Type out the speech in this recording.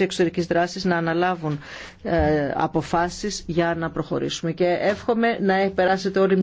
εξωτερικής δράσης να αναλάβουν ε, αποφάσεις για να προχωρήσουμε. Και εύχομαι να περάσετε όλοι